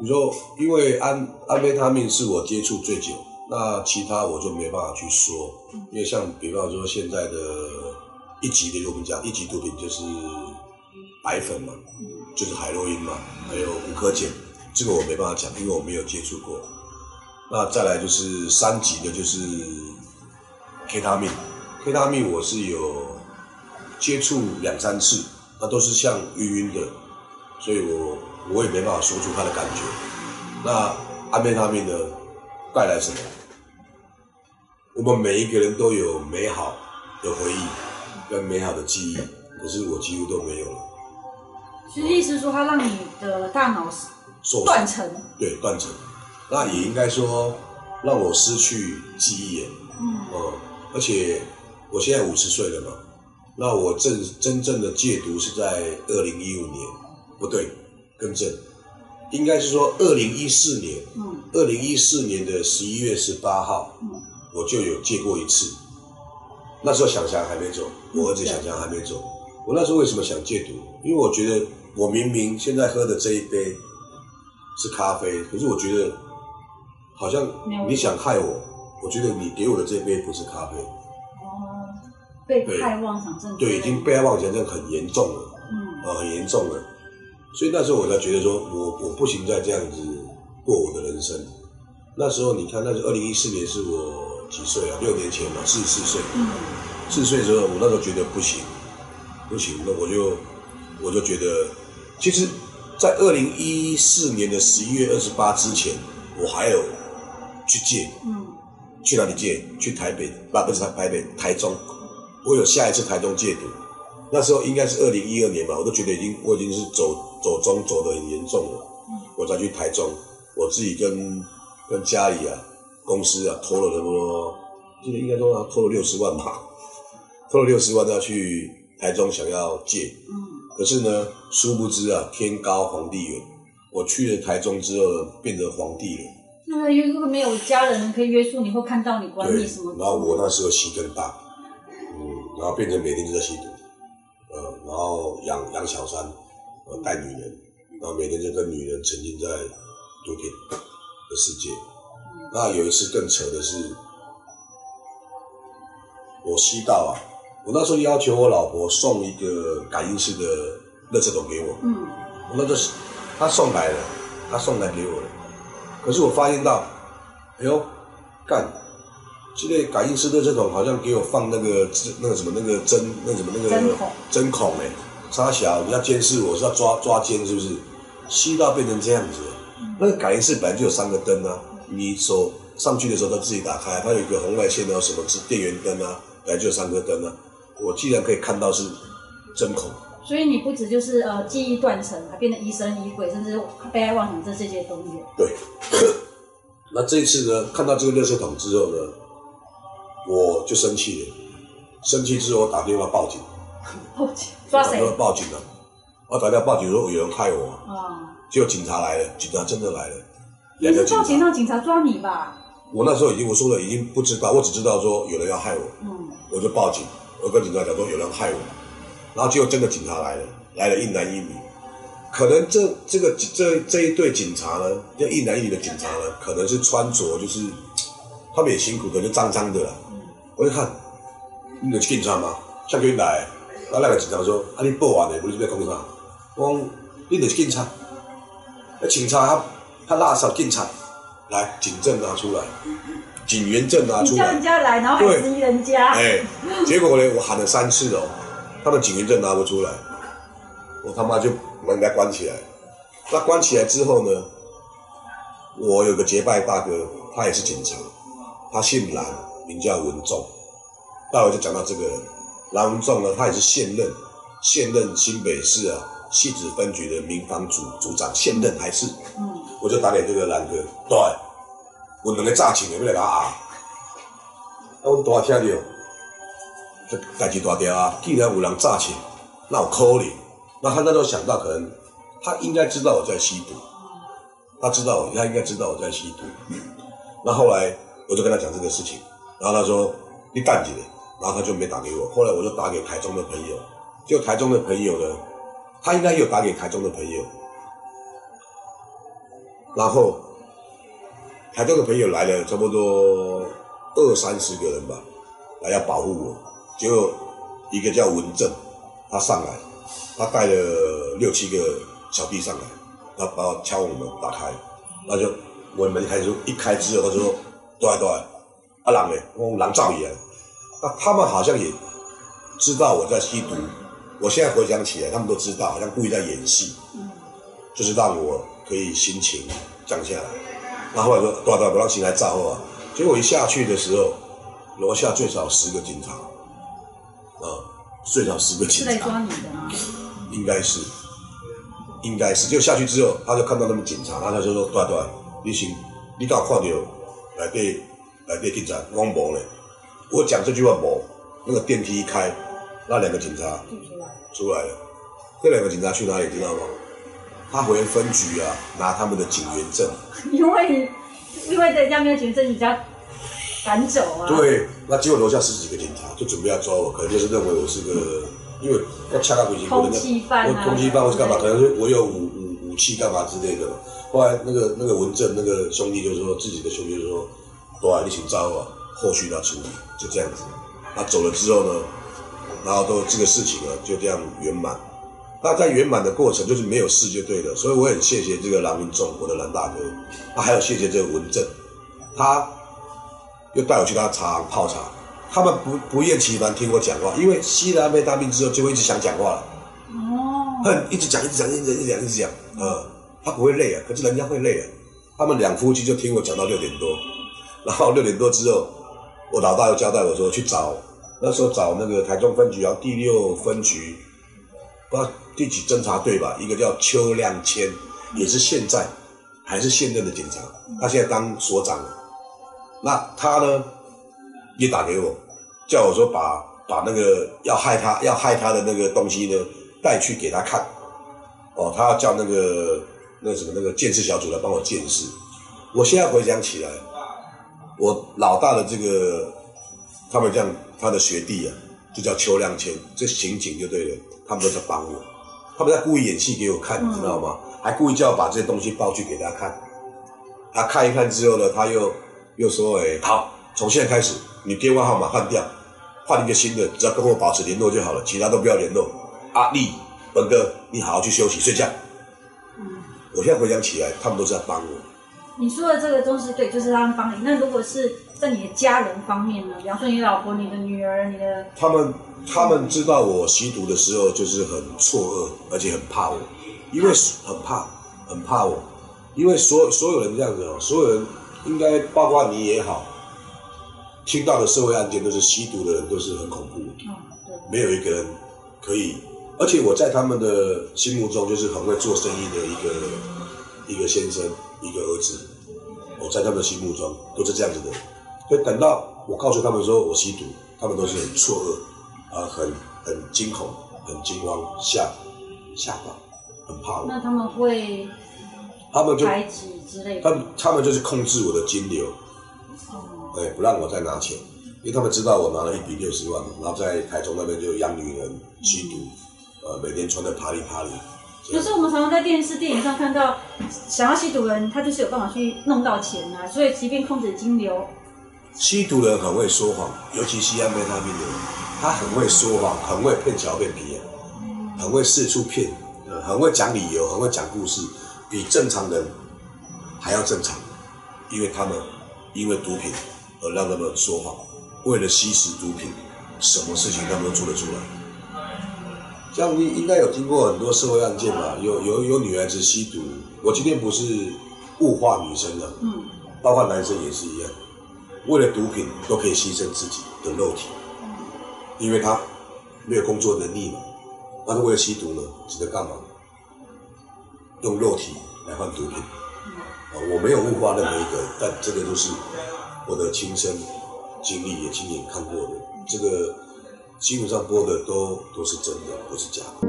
你說，因為安安,安非他命是我接觸最久，那其他我就沒辦法去說，因為像比方說現在的一級的毒品講，一級毒品就是白粉嘛，嗯、就是海洛因嘛，還有古柯鹼，這個我沒辦法講，因為我沒有接觸過。那再來就是三級的，就是 K 他命，K 他命我是有接觸兩三次，那都是像暈暈的，所以我。我也沒辦法說出他的感覺。嗯、那安非他命的帶來什麼？我們每一個人都有美好的回憶跟美好的記憶，可是我幾乎都沒有了。其實意思說，他讓你的大腦斷層？對，斷層。那也應該說，讓我失去記憶嗯、呃。而且我現在五十歲了嘛，那我正真，真正的戒毒是在二零一五年，不對。更正，應該是說二零一四年，嗯，二零一四年的十一月十八號，嗯，我就有戒過一次。那時候想想還沒走，嗯、我兒子想想還沒走、嗯。我那時候為什麼想戒毒？因為我覺得我明明現在喝的這一杯是咖啡，可是我覺得好像你想害我，嗯、我覺得你給我的這杯不是咖啡。哦、嗯，被害妄想症。對，已經被害妄想症很嚴重了。嗯，呃、很嚴重了。所以那時候我才覺得說，我我不行再這樣子過我的人生。那時候你看，那是二零一四年，是我幾歲啊？六年前吧，四十四歲。嗯。四十歲的時候，我那時候覺得不行，不行。那我就，我就覺得，其實，在二零一四年的十一月二十八之前，我還有去戒，嗯。去哪裡戒？去台北？不、啊，不是台台北，台中。我有下一次台中戒毒。那時候應該是二零一二年吧，我都覺得已經我已經是走走中走得很嚴重了。嗯、我再去台中，我自己跟跟家裡啊、公司啊，偷了差不多，記得應該說偷了六十萬吧，偷了六十萬都要去台中想要借，嗯。可是呢，殊不知啊，天高皇帝遠。我去了台中之後呢，變成皇帝了。那如如果沒有家人可以約束你，你會看到你管理什麼？然後我那時候癮更大，嗯，然後變成每天都在吸毒，然後養養小三，呃，帶女人，然後每天就跟女人沉浸在毒品的世界。那有一次更扯的是，我吸到啊，我那時候要求我老婆送一個感應式的垃圾桶給我，嗯，我那個、就是，她送來了，她送來給我的，可是我發現到，哎呦，幹！現在感應式的這種好像給我放那個針那個什麼那個針那個、什麼那個、那個那個、針、針孔針孔哎，插小，你要監視我是要抓抓奸是不是？吸到變成這樣子，欸、嗯，那個感應式本來就有三個燈啊，你、嗯、手上去的時候它自己打開，它有一個紅外線啊什麼之電源燈啊，本來就有三個燈啊。我既然可以看到是針孔，所以你不只就是呃記憶斷層，還變得疑神疑鬼，甚至被害妄想這這些東西。對， 那這一次呢，看到這個熱水桶之後呢？我就生氣了，生氣之後我打電話報警，誰報警抓誰？我報警了，我打電話報警說有人害我。啊，結果、哦、警察來了，警察真的來了。你是警報警讓警察抓你吧？我那時候已經我說了，已經不知道，我只知道說有人要害我。嗯，我就報警，我跟警察講說有人害我，然後結果真的警察來了，來了一男一女。可能這這個這這一對警察呢，這一男一女的警察呢，嗯、可能是穿着就是他們也辛苦，可能髒髒的了。嗯我一看，你就是警察嗎？下個月來，我那個警察說：“啊，你報案的，是在這講？”我講：“你就是警察。”那警察他他手少警察？來，警證拿出來，警員證拿出來。叫人家來，然後懷疑人家。哎、欸，結果呢，我喊了三次哦，他們警員證拿不出來，我他媽就把人家關起來。那關起來之後呢，我有個結拜大哥，他也是警察，他姓藍。名叫文仲，待會就講到這個人。藍文仲呢，他也是現任現任新北市啊戲子分局的民防組組長，現任還是、嗯？我就打臉這個藍哥。對，我能個詐錢，有不能啦啊？那我多少錢就這自己大條啊！竟然有人詐錢，那我可你。那他那時候想到可能，他應該知道我在吸毒，他知道我，他應該知道我在吸毒。那、嗯嗯、後，後來我就跟他講這個事情。然後他說：“你打幾的？”然後他就沒打給我。後來我就打給台中的朋友，就台中的朋友呢，他應該有打給台中的朋友。然後台中的朋友來了，差不多二三十個人吧，來要保護我。結果一個叫文正，他上來，他帶了六七個小弟上來，他把我敲門打開。那就我門開始一開之後，他就說：“對、嗯、對。對對阿郎嘞，我郎兆炎，那他們好像也知道我在吸毒、嗯。我現在回想起來，他們都知道，好像故意在演戲、嗯，就是讓我可以心情降下來。那、嗯、後，後來說，對對，不讓心來造火。結果一下去的時候，樓下最少十個警察，呃、嗯，最少十個警察。是在抓你的嗎、啊？應該是，應該是。就下去之後，他就看到那個警察，他就說，對對，你先，你到快點來對。來，別進展汪博嘞！我講這句話沒有，無那個電梯一開，那兩個警察出來了，出來了。這兩個警察去哪裡？知道嗎？他回分局啊，拿他們的警員證。 因為，因為人家沒有警員證，人家趕走啊。對，那結果樓下十幾個警察，就準備要抓我，可能就是認為我是個，嗯、因為要掐他脖子是氣、啊，我通緝我通緝犯幹，我是幹嘛？可能是我有武武武器幹嘛之類的。後來那個那個文正那個兄弟就是說，自己的兄弟就是說。對啊，你請照顧、啊、後續的處理，就這樣子。他、啊、走了之後呢，然後都這個事情啊就這樣圓滿。那在圓滿的過程就是沒有事就對了，所以我很謝謝這個藍文忠我的藍大哥。他、啊、還有謝謝這個文正，他又帶我去他茶行泡茶。他們不不厭其煩聽我講話，因為吸了安非他命之後就會一直想講話了。哦。很一直講，一直講，一直講，一直講。呃、嗯，他不會累啊，可是人家會累啊。他們兩夫妻就聽我講到六點多。然後六點多之後，我老大又交代我說，去找那時候找那個台中分局，然後第六分局，不知道第幾偵察隊吧，一個叫邱亮謙，也是現在還是現任的警察，他現在當所長了。那他呢，也打給我，叫我說把把那個要害他要害他的那個東西呢帶去給他看。哦，他要叫那個那什麼那個監視小組來幫我監視。我現在回想起來。我老大的這個，他們這樣，他的學弟啊，就叫邱亮謙，這刑警就對了，他們都在幫我，他們在故意演戲給我看，你、嗯、知道嗎？還故意叫我把這些東西報去給他看，他看一看之後呢，他又又說：“哎、欸，好，從現在開始，你電話號碼換掉，換一個新的，只要跟我保持聯絡就好了，其他都不要聯絡。啊”阿力，本哥，你好好去休息睡覺、嗯。我現在回想起來，他們都是在幫我。你說的這個東西對，就是他們方。那如果是在你的家人方面呢？比方說你老婆、你的女兒、你的……他們他們知道我吸毒的時候，就是很錯愕，而且很怕我，因為很怕，很怕我。因為所所有人這樣子哦、喔，所有人應該包括你也好，聽到的社會案件都、就是吸毒的人都是很恐怖的。嗯、啊，對。沒有一個人可以，而且我在他們的心目中就是很會做生意的一個、嗯、一個先生。一個兒子，我在他們心目中都是這樣子的，所以等到我告訴他們說我吸毒，他們都是很錯愕，啊、呃，很很驚恐，很驚慌，嚇，嚇到，很怕我。那他們會？他們就排擠之類的。他們他們就是控制我的金流，哦，對，不讓我再拿錢，因為他們知道我拿了一筆六十萬，然後在台中那邊就養女人、吸毒、嗯，呃，每天穿得啪里啪里。可是我們常常在電視、電影上看到，想要吸毒人，他就是有辦法去弄到錢啊，所以即便控制了金流。吸毒人很會說謊，尤其吸安非他命的人，他很會說謊，很會騙巧騙皮啊，很會四處騙，很會講理由，很會講故事，比正常人還要正常，因為他們因為毒品而讓他們說謊，為了吸食毒品，什麼事情他們都做得出來。像你，應該有聽過很多社會案件吧？啊，有有有女孩子吸毒。我今天不是物化女生了，啊，包括男生也是一樣，為了毒品都可以犧牲自己的肉體，因為他沒有工作能力嘛，那他為了吸毒呢，只能幹嘛？用肉體來換毒品，啊，我沒有物化任何一個，但這個都是我的親身經歷，也親眼看過的這個。基本上播的都都是真的，不是假的。